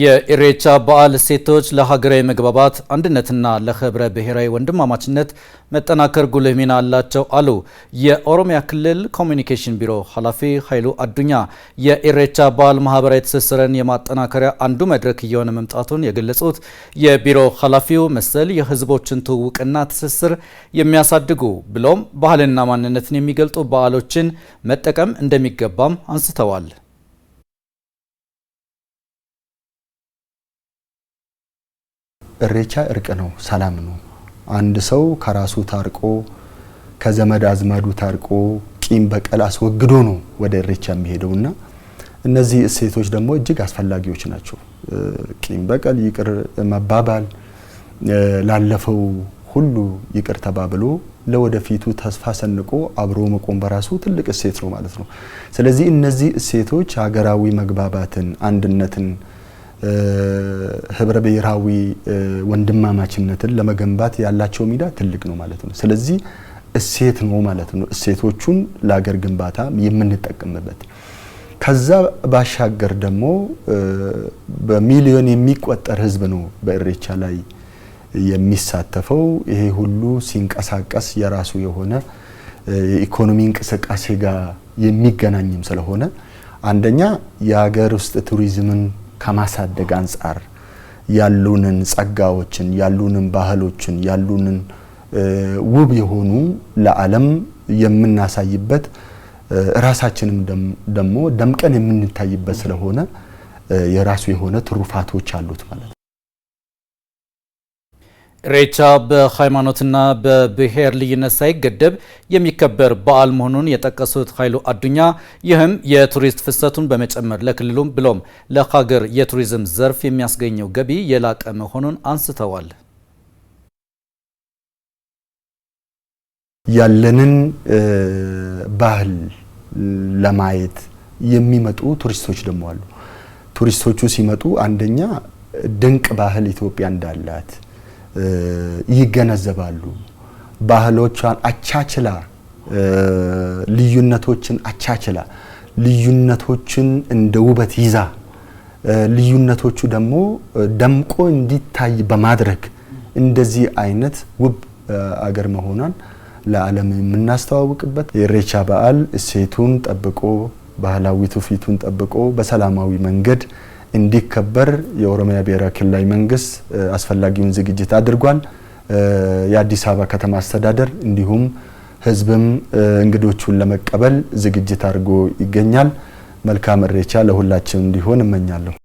የኢሬቻ በዓል እሴቶች ለሀገራዊ መግባባት አንድነትና ለህብረ ብሔራዊ ወንድማማችነት መጠናከር ጉልህ ሚና አላቸው አሉ የኦሮሚያ ክልል ኮሚኒኬሽን ቢሮ ኃላፊ ኃይሉ አዱኛ። የኢሬቻ በዓል ማህበራዊ ትስስርን የማጠናከሪያ አንዱ መድረክ እየሆነ መምጣቱን የገለጹት የቢሮ ኃላፊው መሰል የህዝቦችን ትውውቅና ትስስር የሚያሳድጉ ብሎም ባህልና ማንነትን የሚገልጡ በዓሎችን መጠቀም እንደሚገባም አንስተዋል። እሬቻ እርቅ ነው፣ ሰላም ነው። አንድ ሰው ከራሱ ታርቆ ከዘመድ አዝማዱ ታርቆ ቂም በቀል አስወግዶ ነው ወደ እሬቻ የሚሄደው እነዚህ እሴቶች ደግሞ እጅግ አስፈላጊዎች ናቸው። ቂም በቀል ይቅር መባባል፣ ላለፈው ሁሉ ይቅር ተባብሎ ለወደፊቱ ተስፋ ሰንቆ አብሮ መቆም በራሱ ትልቅ እሴት ነው ማለት ነው። ስለዚህ እነዚህ እሴቶች ሀገራዊ መግባባትን፣ አንድነትን ህብረ ብሔራዊ ወንድማማችነትን ለመገንባት ያላቸው ሚና ትልቅ ነው ማለት ነው። ስለዚህ እሴት ነው ማለት ነው። እሴቶቹን ለሀገር ግንባታ የምንጠቀምበት ከዛ ባሻገር ደግሞ በሚሊዮን የሚቆጠር ህዝብ ነው በኢሬቻ ላይ የሚሳተፈው። ይሄ ሁሉ ሲንቀሳቀስ የራሱ የሆነ የኢኮኖሚ እንቅስቃሴ ጋር የሚገናኝም ስለሆነ አንደኛ የሀገር ውስጥ ቱሪዝምን ከማሳደግ አንጻር ያሉንን ጸጋዎችን፣ ያሉንን ባህሎችን፣ ያሉንን ውብ የሆኑ ለዓለም የምናሳይበት ራሳችንም ደግሞ ደምቀን የምንታይበት ስለሆነ የራሱ የሆነ ትሩፋቶች አሉት ማለት ነው። ኢሬቻ በሃይማኖትና በብሔር ልዩነት ሳይገደብ የሚከበር በዓል መሆኑን የጠቀሱት ኃይሉ አዱኛ ይህም የቱሪስት ፍሰቱን በመጨመር ለክልሉም ብሎም ለሀገር የቱሪዝም ዘርፍ የሚያስገኘው ገቢ የላቀ መሆኑን አንስተዋል። ያለንን ባህል ለማየት የሚመጡ ቱሪስቶች ደግሞ አሉ። ቱሪስቶቹ ሲመጡ አንደኛ ድንቅ ባህል ኢትዮጵያ እንዳላት ይገነዘባሉ። ባህሎቿን አቻችላ ልዩነቶችን አቻችላ ልዩነቶችን እንደ ውበት ይዛ ልዩነቶቹ ደግሞ ደምቆ እንዲታይ በማድረግ እንደዚህ አይነት ውብ አገር መሆኗን ለዓለም የምናስተዋውቅበት የኢሬቻ በዓል እሴቱን ጠብቆ ባህላዊ ትውፊቱን ጠብቆ በሰላማዊ መንገድ እንዲከበር የኦሮሚያ ብሔራዊ ክልላዊ መንግስት አስፈላጊውን ዝግጅት አድርጓል። የአዲስ አበባ ከተማ አስተዳደር እንዲሁም ህዝብም እንግዶቹን ለመቀበል ዝግጅት አድርጎ ይገኛል። መልካም እሬቻ ለሁላችን እንዲሆን እመኛለሁ።